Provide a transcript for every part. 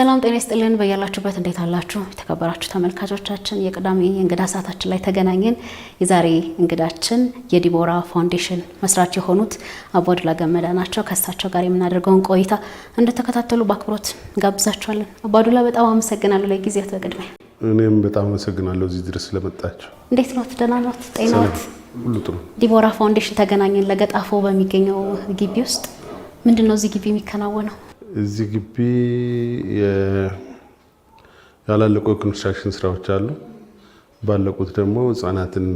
ሰላም ጤና ይስጥልን። በያላችሁበት እንዴት አላችሁ? የተከበራችሁ ተመልካቾቻችን የቅዳሜ የእንግዳ ሰዓታችን ላይ ተገናኘን። የዛሬ እንግዳችን የዲቦራ ፋውንዴሽን መስራች የሆኑት አቦ ገመዳ ናቸው። ከእሳቸው ጋር የምናደርገውን ቆይታ እንደተከታተሉ በአክብሮት ጋብዛችኋለን። አቦ በጣም አመሰግናለሁ ለጊዜው። በቅድሚያ እኔም በጣም አመሰግናለሁ እዚህ ድረስ ስለመጣችሁ። እንዴት ኖት? ደህና ኖት? ጤናዎት? ሁሉ ጥሩ። ዲቦራ ፋውንዴሽን ተገናኘን ለገጣፎ በሚገኘው ግቢ ውስጥ ምንድን ነው እዚህ ግቢ የሚከናወነው? እዚህ ግቢ ያላለቁ ኮንስትራክሽን ስራዎች አሉ። ባለቁት ደግሞ ህጻናትን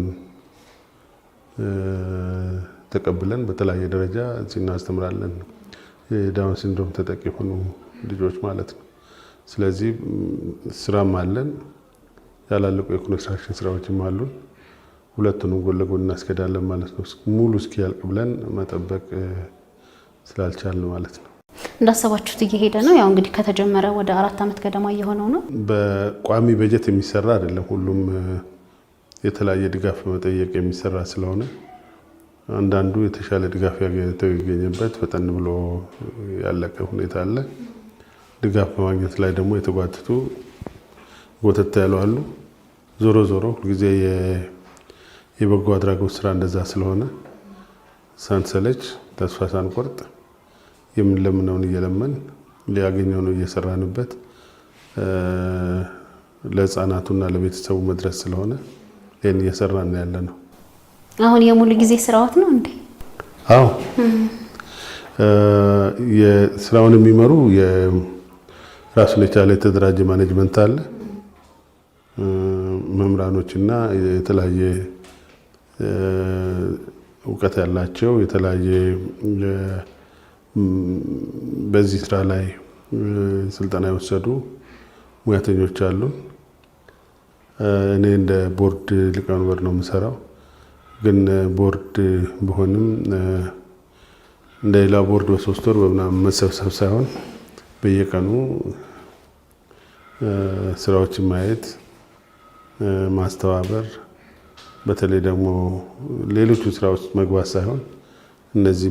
ተቀብለን በተለያየ ደረጃ እዚህ እናስተምራለን። የዳውን ሲንድሮም ተጠቂ የሆኑ ልጆች ማለት ነው። ስለዚህ ስራም አለን፣ ያላለቁ የኮንስትራክሽን ስራዎችም አሉን። ሁለቱንም ጎን ለጎን እናስኬዳለን ማለት ነው። ሙሉ እስኪያልቅ ብለን መጠበቅ ስላልቻልን ማለት ነው። እንዳሰባችሁት እየሄደ ነው? ያው እንግዲህ ከተጀመረ ወደ አራት ዓመት ገደማ እየሆነው ነው። በቋሚ በጀት የሚሰራ አይደለም። ሁሉም የተለያየ ድጋፍ በመጠየቅ የሚሰራ ስለሆነ አንዳንዱ የተሻለ ድጋፍ ያገኘተው ይገኝበት ፈጠን ብሎ ያለቀ ሁኔታ አለ። ድጋፍ በማግኘት ላይ ደግሞ የተጓትቱ ጎተት ያሉ አሉ። ዞሮ ዞሮ ሁልጊዜ የበጎ አድራጎት ስራ እንደዛ ስለሆነ ሳንሰለች ተስፋ ሳንቆርጥ የምንለምነውን እየለመን ሊያገኘውን እየሰራንበት ለህፃናቱና ለቤተሰቡ መድረስ ስለሆነ ይህን እየሰራን ያለ ነው። አሁን የሙሉ ጊዜ ስራዎት ነው እንዴ? አዎ፣ ስራውን የሚመሩ ራሱን የቻለ የተደራጀ ማኔጅመንት አለ። መምህራኖችና የተለያየ እውቀት ያላቸው የተለያየ በዚህ ስራ ላይ ስልጠና የወሰዱ ሙያተኞች አሉ። እኔ እንደ ቦርድ ሊቀመንበር ነው የምሰራው። ግን ቦርድ ቢሆንም እንደ ሌላ ቦርድ በሶስት ወር በምናምን መሰብሰብ ሳይሆን በየቀኑ ስራዎችን ማየት፣ ማስተባበር፣ በተለይ ደግሞ ሌሎቹ ስራዎች መግባት ሳይሆን እነዚህ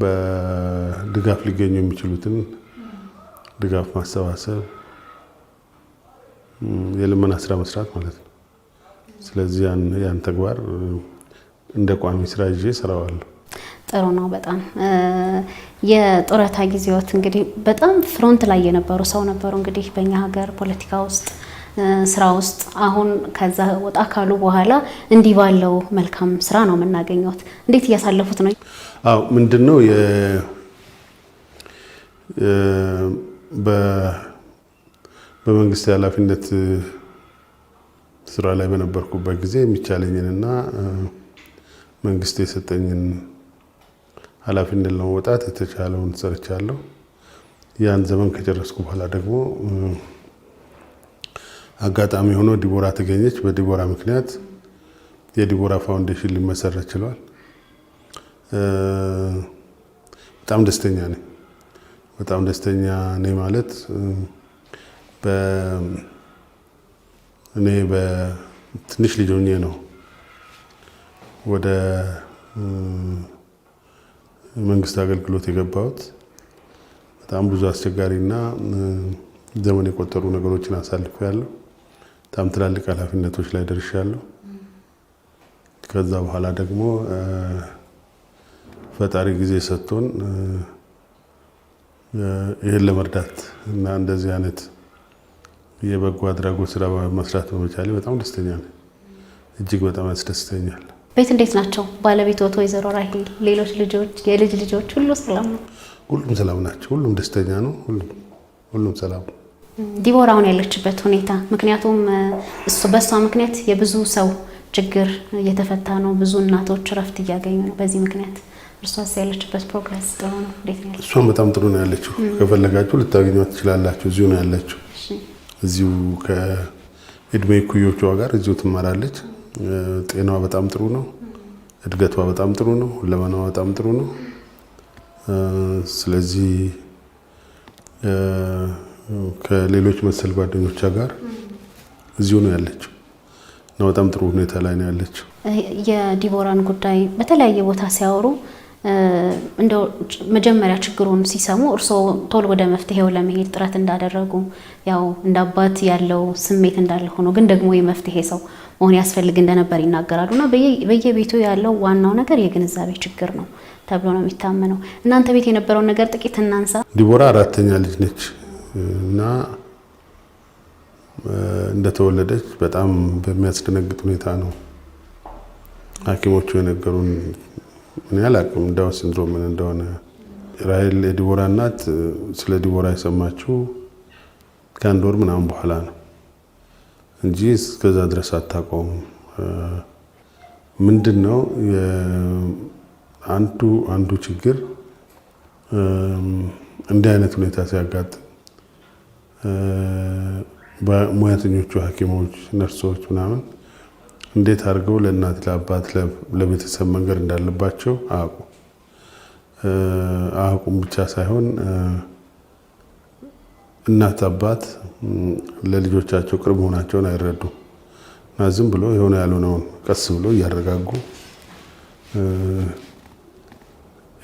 በድጋፍ ሊገኙ የሚችሉትን ድጋፍ ማሰባሰብ፣ የልመና ስራ መስራት ማለት ነው። ስለዚህ ያን ተግባር እንደ ቋሚ ስራ ይዤ እሰራዋለሁ። ጥሩ ነው። በጣም የጡረታ ጊዜዎት እንግዲህ በጣም ፍሮንት ላይ የነበሩ ሰው ነበሩ። እንግዲህ በእኛ ሀገር ፖለቲካ ውስጥ ስራ ውስጥ አሁን ከዛ ወጣ ካሉ በኋላ እንዲህ ባለው መልካም ስራ ነው የምናገኘት። እንዴት እያሳለፉት ነው? አዎ ምንድን ነው በመንግስት ኃላፊነት ስራ ላይ በነበርኩበት ጊዜ የሚቻለኝንና መንግስት የሰጠኝን ኃላፊነት ለመወጣት የተቻለውን ሰርቻለሁ። ያን ዘመን ከጨረስኩ በኋላ ደግሞ አጋጣሚ ሆኖ ዲቦራ ተገኘች። በዲቦራ ምክንያት የዲቦራ ፋውንዴሽን ሊመሰረት ችሏል። በጣም ደስተኛ ነኝ። በጣም ደስተኛ ነኝ ማለት እኔ በትንሽ ልጅ ሆኜ ነው ወደ መንግስት አገልግሎት የገባሁት። በጣም ብዙ አስቸጋሪ እና ዘመን የቆጠሩ ነገሮችን አሳልፌያለሁ። በጣም ትላልቅ ኃላፊነቶች ላይ ደርሻለሁ። ከዛ በኋላ ደግሞ ፈጣሪ ጊዜ ሰጥቶን ይህን ለመርዳት እና እንደዚህ አይነት የበጎ አድራጎት ስራ መስራት በመቻሌ በጣም ደስተኛ ነኝ። እጅግ በጣም ያስደስተኛል። ቤት እንዴት ናቸው? ባለቤት ወቶ ወይዘሮ ራሄል፣ ሌሎች ልጆች፣ የልጅ ልጆች ሁሉ ሰላም ነው? ሁሉም ሰላም ናቸው። ሁሉም ደስተኛ ነው። ሁሉም ሰላም ዲቦራ አሁን ያለችበት ሁኔታ ምክንያቱም እሱ በእሷ ምክንያት የብዙ ሰው ችግር እየተፈታ ነው። ብዙ እናቶች እረፍት እያገኙ ነው በዚህ ምክንያት እርሷስ ያለችበት ፕሮግረስ ጥሩ ነው? እንዴት ነው? በጣም ጥሩ ነው ያለችው። ከፈለጋችሁ ልታገኟት ትችላላችሁ። እዚሁ ነው ያለችው። እዚሁ ከእድሜ ኩዮቿ ጋር እዚሁ ትማራለች። ጤናዋ በጣም ጥሩ ነው። እድገቷ በጣም ጥሩ ነው። ሁለመናዋ በጣም ጥሩ ነው። ስለዚህ ከሌሎች መሰል ጓደኞቿ ጋር እዚሁ ነው ያለችው እና በጣም ጥሩ ሁኔታ ላይ ነው ያለችው። የዲቦራን ጉዳይ በተለያየ ቦታ ሲያወሩ እንደው መጀመሪያ ችግሩን ሲሰሙ እርስዎ ቶሎ ወደ መፍትሄው ለመሄድ ጥረት እንዳደረጉ ያው እንደ አባት ያለው ስሜት እንዳለ ሆኖ ግን ደግሞ የመፍትሄ ሰው መሆን ያስፈልግ እንደነበር ይናገራሉና በየቤቱ ያለው ዋናው ነገር የግንዛቤ ችግር ነው ተብሎ ነው የሚታመነው። እናንተ ቤት የነበረውን ነገር ጥቂት እናንሳ። ዲቦራ አራተኛ ልጅ ነች እና እንደተወለደች በጣም በሚያስደነግጥ ሁኔታ ነው ሐኪሞቹ የነገሩን እኔ አላቅም ዳውን ሲንድሮም ምን እንደሆነ። ራሄል የዲቦራ እናት ስለ ዲቦራ የሰማችው ከአንድ ወር ምናምን በኋላ ነው እንጂ እስከዛ ድረስ አታውቀውም። ምንድን ነው አንዱ አንዱ ችግር እንዲህ አይነት ሁኔታ ሲያጋጥም በሙያተኞቹ ሐኪሞች ነርሶች ምናምን እንዴት አድርገው ለእናት ለአባት ለቤተሰብ መንገድ እንዳለባቸው አያውቁም። አያውቁም ብቻ ሳይሆን እናት አባት ለልጆቻቸው ቅርብ መሆናቸውን አይረዱም እና ዝም ብሎ የሆነ ያልሆነውን ቀስ ብሎ እያረጋጉ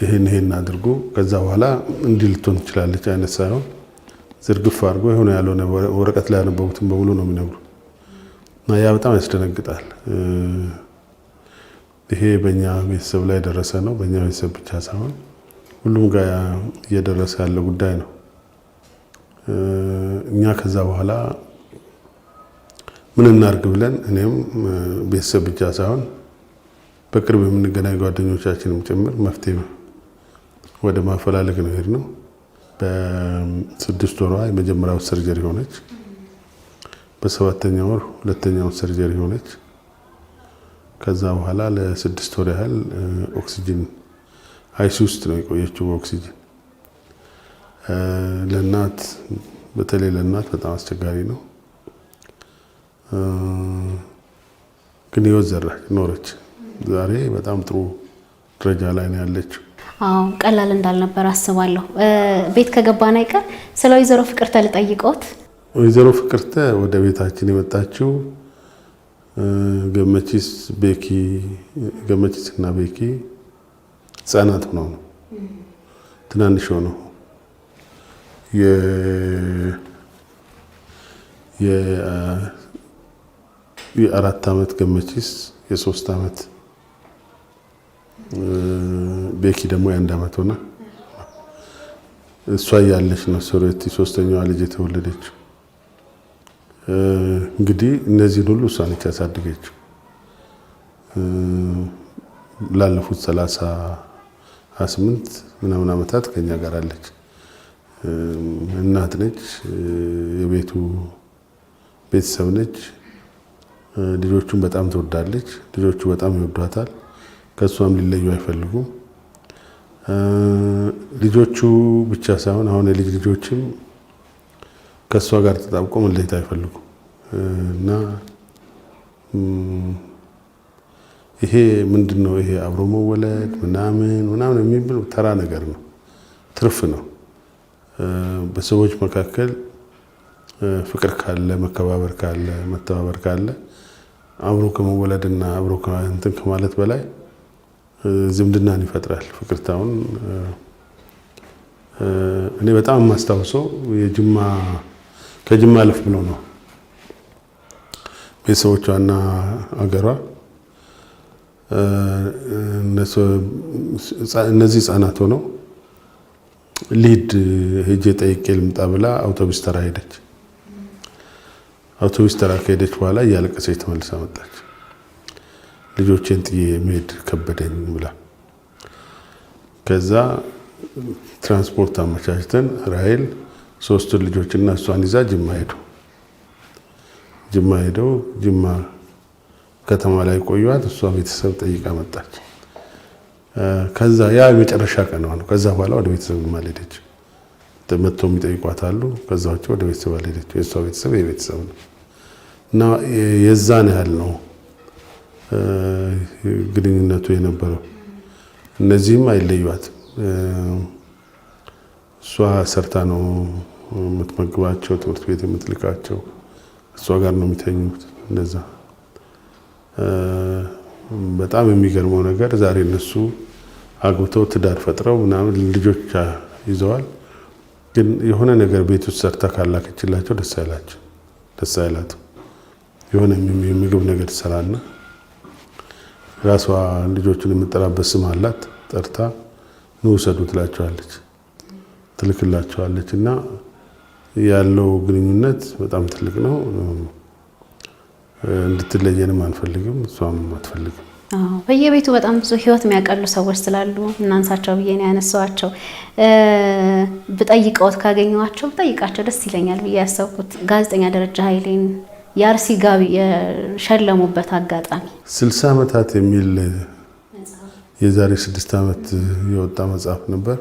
ይህን ይሄን አድርጎ ከዛ በኋላ እንዲህ ልትሆን ትችላለች አይነት ሳይሆን ዝርግፍ አድርጎ የሆነ ያልሆነ ወረቀት ላይ ያነበቡትን በሙሉ ነው የሚነግሩ እና ያ በጣም ያስደነግጣል። ይሄ በእኛ ቤተሰብ ላይ የደረሰ ነው። በእኛ ቤተሰብ ብቻ ሳይሆን ሁሉም ጋር እየደረሰ ያለ ጉዳይ ነው። እኛ ከዛ በኋላ ምን እናርግ ብለን እኔም ቤተሰብ ብቻ ሳይሆን በቅርብ የምንገናኝ ጓደኞቻችንም ጭምር መፍትሄ ወደ ማፈላለግ ነው ሄድ ነው። በስድስት ወሯ የመጀመሪያው ሰርጀሪ ሆነች። በሰባተኛ ወር ሁለተኛውን ሰርጀሪ ሆነች። ከዛ በኋላ ለስድስት ወር ያህል ኦክሲጅን አይሲ ውስጥ ነው የቆየችው። በኦክሲጅን ለእናት በተለይ ለእናት በጣም አስቸጋሪ ነው። ግን ህይወት ዘራች ኖረች። ዛሬ በጣም ጥሩ ደረጃ ላይ ነው ያለችው። አዎ ቀላል እንዳልነበር አስባለሁ። ቤት ከገባን አይቀር ስለ ወይዘሮ ፍቅርተ ልጠይቅዎት ወይዘሮ ፍቅርተ ወደ ቤታችን የመጣችው ገመቺስ ቤኪ ገመቺስ እና ቤኪ ህጻናት ሆነው ነው ትናንሽ ሆነው የአራት ዓመት ገመቺስ የሶስት ዓመት ቤኪ ደግሞ የአንድ ዓመት ሆና እሷ እያለች ነው ሶሬቲ ሶስተኛዋ ልጅ የተወለደችው። እንግዲህ እነዚህን ሁሉ እሷ ነች ያሳደገችው። ላለፉት 38 ምናምን ዓመታት ከኛ ጋር አለች። እናት ነች፣ የቤቱ ቤተሰብ ነች። ልጆቹን በጣም ትወዳለች፣ ልጆቹ በጣም ይወዷታል። ከእሷም ሊለዩ አይፈልጉም። ልጆቹ ብቻ ሳይሆን አሁን የልጅ ልጆችም ከእሷ ጋር ተጣብቆ መለየት አይፈልጉም እና ይሄ ምንድን ነው? ይሄ አብሮ መወለድ ምናምን ምናምን የሚብል ተራ ነገር ነው፣ ትርፍ ነው። በሰዎች መካከል ፍቅር ካለ፣ መከባበር ካለ፣ መተባበር ካለ አብሮ ከመወለድና አብሮ እንትን ከማለት በላይ ዝምድናን ይፈጥራል። ፍቅርታውን እኔ በጣም የማስታውሰው የጅማ ከጅማ አለፍ ብሎ ነው ቤተሰቦቿና አገሯ። እነዚህ ህጻናት ሆነው ሊድ ሄጄ ጠይቄ ልምጣ ብላ አውቶቡስ ተራ ሄደች። አውቶቡስ ተራ ከሄደች በኋላ እያለቀሰች ተመልሳ መጣች። ልጆቼን ጥዬ መሄድ ከበደኝ ብላ ከዛ ትራንስፖርት አመቻችተን ራይል ሶስቱን ልጆችና እሷን ይዛ ጅማ ሄዱ። ጅማ ሄደው ጅማ ከተማ ላይ ቆዩዋት። እሷ ቤተሰብ ጠይቃ መጣች። ከዛ ያ የመጨረሻ ቀን ነው። ከዛ በኋላ ወደ ቤተሰብ ማልሄደች መጥቶ የሚጠይቋት አሉ። ከዛ ውጭ ወደ ቤተሰብ አልሄደች። የእሷ ቤተሰብ የቤተሰብ ነው እና የዛን ያህል ነው ግንኙነቱ የነበረው። እነዚህም አይለዩዋትም። እሷ ሰርታ ነው የምትመግባቸው፣ ትምህርት ቤት የምትልካቸው፣ እሷ ጋር ነው የሚተኙት። እንደዛ በጣም የሚገርመው ነገር ዛሬ እነሱ አግብተው ትዳር ፈጥረው ምናምን ልጆች ይዘዋል። ግን የሆነ ነገር ቤት ውስጥ ሰርታ ካላከችላቸው ደስ አይላቸው ደስ አይላትም። የሆነ የምግብ ነገር ትሰራና ራሷ ልጆቹን የምጠራበት ስም አላት። ጠርታ ንውሰዱ ትላቸዋለች። ትልክላቸዋለች እና ያለው ግንኙነት በጣም ትልቅ ነው። እንድትለየንም አንፈልግም፣ እሷም አትፈልግም። በየቤቱ በጣም ብዙ ህይወት የሚያቀሉ ሰዎች ስላሉ እናንሳቸው ብዬ ነው ያነሳዋቸው። ብጠይቀውት ካገኘዋቸው ብጠይቃቸው ደስ ይለኛል ብዬ ያሰብኩት ጋዜጠኛ ደረጃ ኃይሌን የአርሲ ጋቢ የሸለሙበት አጋጣሚ ስልሳ ዓመታት የሚል የዛሬ ስድስት ዓመት የወጣ መጽሐፍ ነበር።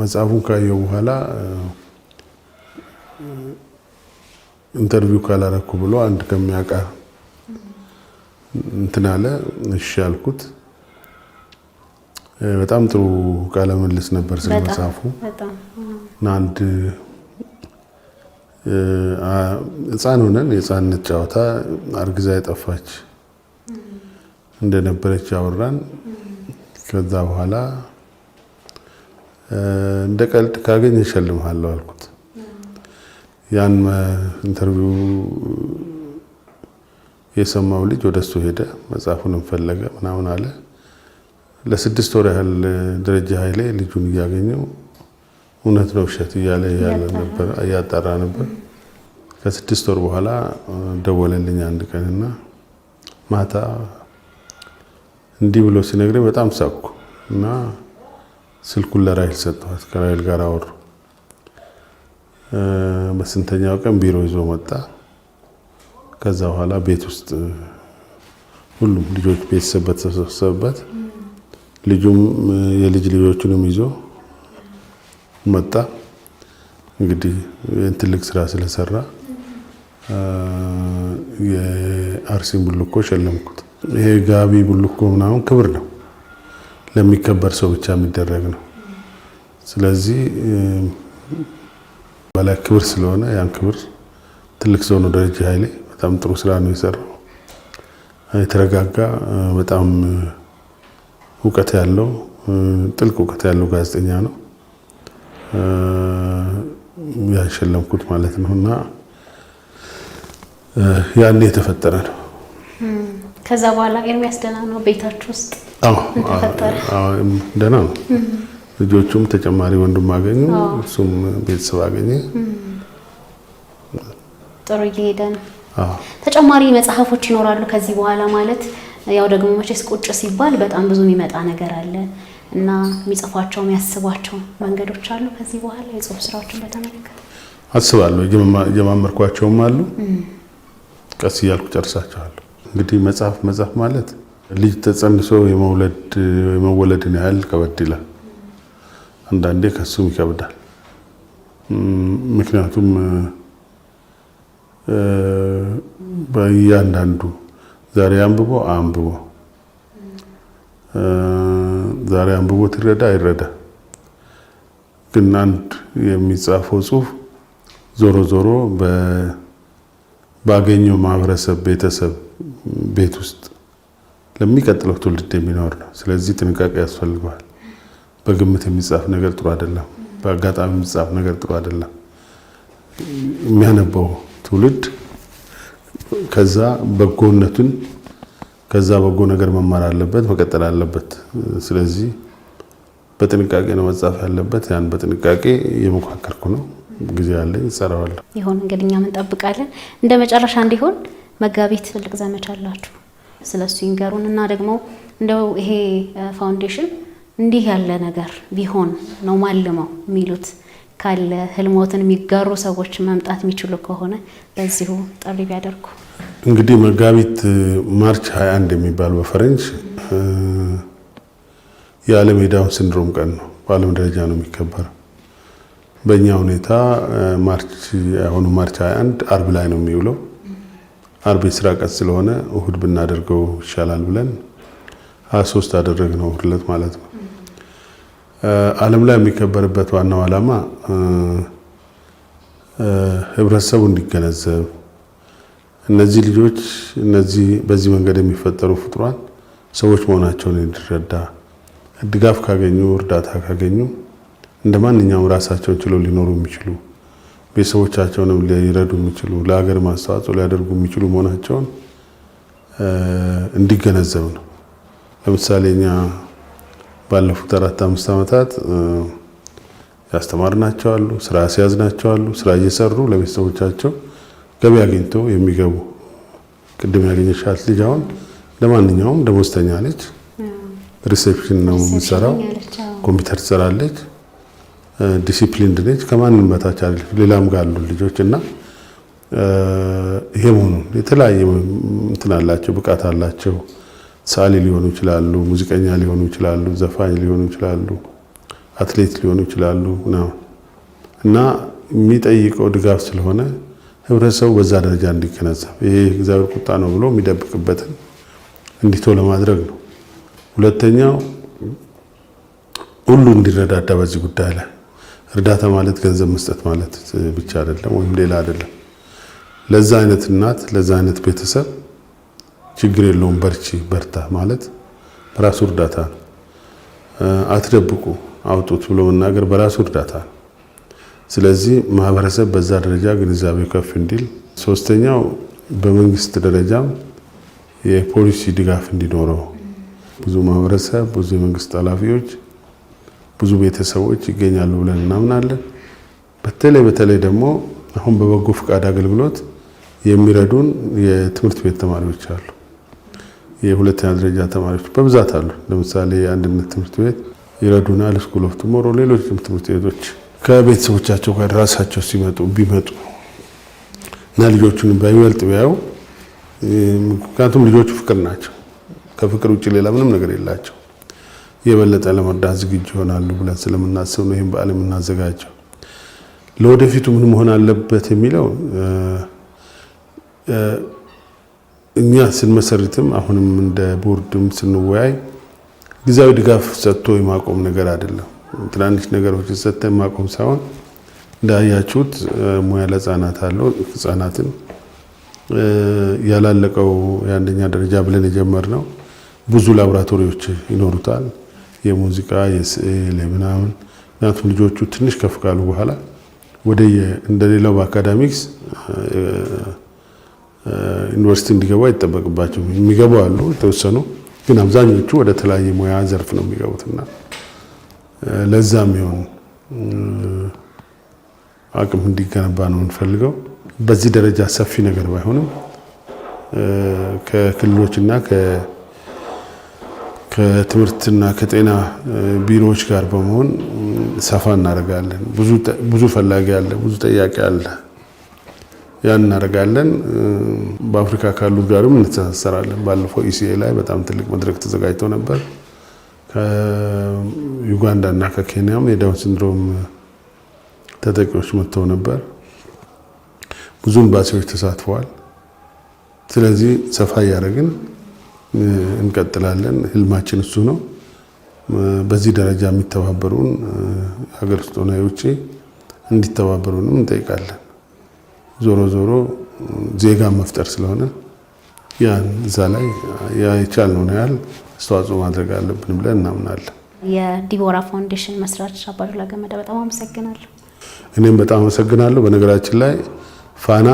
መጽሐፉን ካየው በኋላ ኢንተርቪው ካላረኩ ብሎ አንድ ከሚያውቃ እንትን አለ። እሺ አልኩት። በጣም ጥሩ ቃለ ምልልስ ነበር ስለ መጽሐፉ እና አንድ ሆነን የሕፃንነት ጨዋታ አርግዛ የጠፋች እንደነበረች አወራን። ከዛ በኋላ እንደ ቀልድ ካገኝ እሸልምሃለሁ አልኩት። ያን ኢንተርቪው የሰማው ልጅ ወደሱ ሄደ፣ መጽሐፉንም ፈለገ ምናምን አለ። ለስድስት ወር ያህል ደረጃ ኃይሌ ልጁን እያገኘው እውነት ነው ውሸት እያለ ያለ ነበር እያጣራ ነበር። ከስድስት ወር በኋላ ደወለልኝ አንድ ቀንና ማታ እንዲህ ብሎ ሲነግረኝ በጣም ሳቅኩ እና ስልኩን ለራይል ሰጠኋት። ከራይል ጋር አወሩ። በስንተኛው ቀን ቢሮ ይዞ መጣ። ከዛ በኋላ ቤት ውስጥ ሁሉም ልጆች ቤተሰብ በተሰበሰበበት ልጁም የልጅ ልጆቹንም ይዞ መጣ። እንግዲህ ትልቅ ስራ ስለሰራ የአርሲን ቡልኮ ሸለምኩት። ይሄ ጋቢ ቡልኮ ምናምን ክብር ነው። ለሚከበር ሰው ብቻ የሚደረግ ነው። ስለዚህ በላይ ክብር ስለሆነ ያን ክብር ትልቅ ሰው ነው ደረጀ ኃይሌ። በጣም ጥሩ ስራ ነው የሰራው። የተረጋጋ በጣም እውቀት ያለው ጥልቅ እውቀት ያለው ጋዜጠኛ ነው ያሸለምኩት ማለት ነው እና ያኔ የተፈጠረ ነው። ከዛ በኋላ ኤርሚያስ ደህና ነው ቤታችሁ ውስጥ ደህና ነው። ልጆቹም ተጨማሪ ወንድም አገኙ፣ እሱም ቤተሰብ አገኘ። ጥሩ እየሄደ ነው። ተጨማሪ መጽሐፎች ይኖራሉ ከዚህ በኋላ ማለት ያው ደግሞ መቼስ ቁጭ ሲባል በጣም ብዙ የሚመጣ ነገር አለ እና የሚጽፏቸው የሚያስቧቸው መንገዶች አሉ ከዚህ በኋላ የጽሁፍ ስራዎችን በተመለከተ አስባለሁ። እየማመርኳቸውም አሉ። ቀስ እያልኩ ጨርሳቸዋለሁ። እንግዲህ መጽሐፍ መጽሐፍ ማለት ልጅ ተጸንሶ የመውለድ የመወለድን ያህል ከበድ ይላል። አንዳንዴ ከሱም ይከብዳል። ምክንያቱም በእያንዳንዱ ዛሬ አንብቦ አንብቦ ዛሬ አንብቦ ትረዳ አይረዳ ግን አንድ የሚጻፈው ጽሁፍ ዞሮ ዞሮ ባገኘው ማህበረሰብ፣ ቤተሰብ፣ ቤት ውስጥ ለሚቀጥለው ትውልድ የሚኖር ነው። ስለዚህ ጥንቃቄ ያስፈልገዋል። በግምት የሚጻፍ ነገር ጥሩ አይደለም። በአጋጣሚ የሚጻፍ ነገር ጥሩ አይደለም። የሚያነበው ትውልድ ከዛ በጎነቱን ከዛ በጎ ነገር መማር አለበት፣ መቀጠል አለበት። ስለዚህ በጥንቃቄ ነው መጻፍ ያለበት። ያን በጥንቃቄ እየሞካከርኩ ነው። ጊዜ አለ ይጸረዋለሁ። ይሁን እንግዲህ እኛ እንጠብቃለን። እንደ መጨረሻ እንዲሆን መጋቢት ትልቅ ዘመቻ አላችሁ። ስለሱ ይንገሩን እና ደግሞ እንደው ይሄ ፋውንዴሽን እንዲህ ያለ ነገር ቢሆን ነው ማልመው የሚሉት ካለ ህልሞትን የሚጋሩ ሰዎች መምጣት የሚችሉ ከሆነ በዚሁ ጥሪ ቢያደርጉ። እንግዲህ መጋቢት ማርች 21 የሚባል በፈረንጅ የዓለም የዳውን ሲንድሮም ቀን ነው። በዓለም ደረጃ ነው የሚከበረው። በእኛ ሁኔታ ማርች አሁኑ ማርች 21 አርብ ላይ ነው የሚውለው። አርብ የስራ ቀን ስለሆነ እሁድ ብናደርገው ይሻላል ብለን ሀያ ሶስት አደረግነው እሁድ ዕለት ማለት ነው። ዓለም ላይ የሚከበርበት ዋናው ዓላማ ህብረተሰቡ እንዲገነዘብ እነዚህ ልጆች እነዚህ በዚህ መንገድ የሚፈጠሩ ፍጡራን ሰዎች መሆናቸውን እንዲረዳ ድጋፍ ካገኙ እርዳታ ካገኙ እንደ ማንኛውም ራሳቸውን ችለው ሊኖሩ የሚችሉ ቤተሰቦቻቸውንም ሊረዱ የሚችሉ ለሀገር ማስተዋጽኦ ሊያደርጉ የሚችሉ መሆናቸውን እንዲገነዘብ ነው። ለምሳሌ እኛ ባለፉት አራት አምስት ዓመታት ያስተማርናቸው አሉ፣ ስራ ሲያዝ አሉ። ስራ እየሰሩ ለቤተሰቦቻቸው ገቢ አግኝቶ የሚገቡ ቅድም ያገኘሻት ልጅ አሁን ለማንኛውም ደሞዝተኛ ልጅ ሪሴፕሽን ነው የምትሰራው፣ ኮምፒውተር ትሰራለች። ዲሲፕሊን ነች። ከማንም በታች አይደለች። ሌላም ጋር አሉ ልጆች እና ይሄ መሆኑ የተለያየ እንትን አላቸው፣ ብቃት አላቸው። ሳሊ ሊሆኑ ይችላሉ፣ ሙዚቀኛ ሊሆኑ ይችላሉ፣ ዘፋኝ ሊሆኑ ይችላሉ፣ አትሌት ሊሆኑ ይችላሉ ምናምን እና የሚጠይቀው ድጋፍ ስለሆነ ህብረተሰቡ በዛ ደረጃ እንዲገነዘብ ይሄ እግዚአብሔር ቁጣ ነው ብሎ የሚደብቅበትን እንዲቶ ለማድረግ ነው። ሁለተኛው ሁሉ እንዲረዳዳ በዚህ ጉዳይ ላይ እርዳታ ማለት ገንዘብ መስጠት ማለት ብቻ አይደለም፣ ወይም ሌላ አይደለም። ለዛ አይነት እናት ለዛ አይነት ቤተሰብ ችግር የለውም በርቺ በርታ ማለት በራሱ እርዳታ ነው። አትደብቁ አውጡት ብሎ መናገር በራሱ እርዳታ ነው። ስለዚህ ማህበረሰብ በዛ ደረጃ ግንዛቤው ከፍ እንዲል፣ ሶስተኛው በመንግስት ደረጃም የፖሊሲ ድጋፍ እንዲኖረው ብዙ ማህበረሰብ ብዙ የመንግስት ኃላፊዎች ብዙ ቤተሰቦች ይገኛሉ ብለን እናምናለን። በተለይ በተለይ ደግሞ አሁን በበጎ ፍቃድ አገልግሎት የሚረዱን የትምህርት ቤት ተማሪዎች አሉ። የሁለተኛ ደረጃ ተማሪዎች በብዛት አሉ። ለምሳሌ የአንድነት ትምህርት ቤት ይረዱናል። ስኩል ኦፍ ቱሞሮ፣ ሌሎችም ትምህርት ቤቶች ከቤተሰቦቻቸው ጋር ራሳቸው ሲመጡ ቢመጡ እና ልጆቹን በይበልጥ ቢያዩ፣ ምክንያቱም ልጆቹ ፍቅር ናቸው። ከፍቅር ውጭ ሌላ ምንም ነገር የላቸው የበለጠ ለመርዳት ዝግጁ ይሆናሉ ብለን ስለምናስብ ነው ይህን በዓል የምናዘጋጀው። ለወደፊቱ ምን መሆን አለበት የሚለው እኛ ስንመሰርትም አሁንም እንደ ቦርድም ስንወያይ ጊዜያዊ ድጋፍ ሰጥቶ የማቆም ነገር አይደለም። ትናንሽ ነገሮች ሰጥተ የማቆም ሳይሆን እንዳያችሁት ሙያ ለህጻናት አለው። ህጻናትን ያላለቀው የአንደኛ ደረጃ ብለን የጀመርነው ብዙ ላቦራቶሪዎች ይኖሩታል። የሙዚቃ የስዕል የምናምን ምክንያቱም ልጆቹ ትንሽ ከፍ ካሉ በኋላ ወደ እንደሌላው በአካዳሚክስ ዩኒቨርሲቲ እንዲገቡ አይጠበቅባቸውም። የሚገቡ አሉ የተወሰኑ፣ ግን አብዛኞቹ ወደ ተለያየ ሙያ ዘርፍ ነው የሚገቡትና ለዛም ይሆን አቅም እንዲገነባ ነው የምንፈልገው። በዚህ ደረጃ ሰፊ ነገር ባይሆንም ከክልሎችና ከትምህርትና ከጤና ቢሮዎች ጋር በመሆን ሰፋ እናደርጋለን። ብዙ ፈላጊ አለ፣ ብዙ ጠያቂ አለ። ያ እናደርጋለን። በአፍሪካ ካሉት ጋርም እንተሳሰራለን። ባለፈው ኢሲኤ ላይ በጣም ትልቅ መድረክ ተዘጋጅቶ ነበር። ከዩጋንዳ እና ከኬንያም የዳውን ሲንድሮም ተጠቂዎች መጥተው ነበር። ብዙ ኤምባሲዎች ተሳትፈዋል። ስለዚህ ሰፋ እያደረግን እንቀጥላለን። ህልማችን እሱ ነው። በዚህ ደረጃ የሚተባበሩን ሀገር ውስጥ ሆነ የውጭ እንዲተባበሩንም እንጠይቃለን። ዞሮ ዞሮ ዜጋ መፍጠር ስለሆነ ያን እዛ ላይ የቻልነውን ያህል አስተዋጽኦ ማድረግ አለብን ብለን እናምናለን። የዲቦራ ፋውንዴሽን መስራች አባዱላ ገመዳ በጣም አመሰግናለሁ። እኔም በጣም አመሰግናለሁ። በነገራችን ላይ ፋና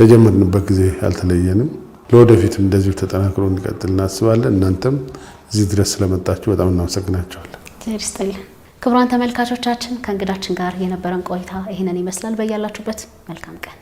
ከጀመርንበት ጊዜ አልተለየንም። ለወደፊትም እንደዚሁ ተጠናክሮ እንዲቀጥል እናስባለን። እናንተም እዚህ ድረስ ስለመጣችሁ በጣም እናመሰግናቸዋለን። ክቡራን ተመልካቾቻችን ከእንግዳችን ጋር የነበረን ቆይታ ይህንን ይመስላል። በያላችሁበት መልካም ቀን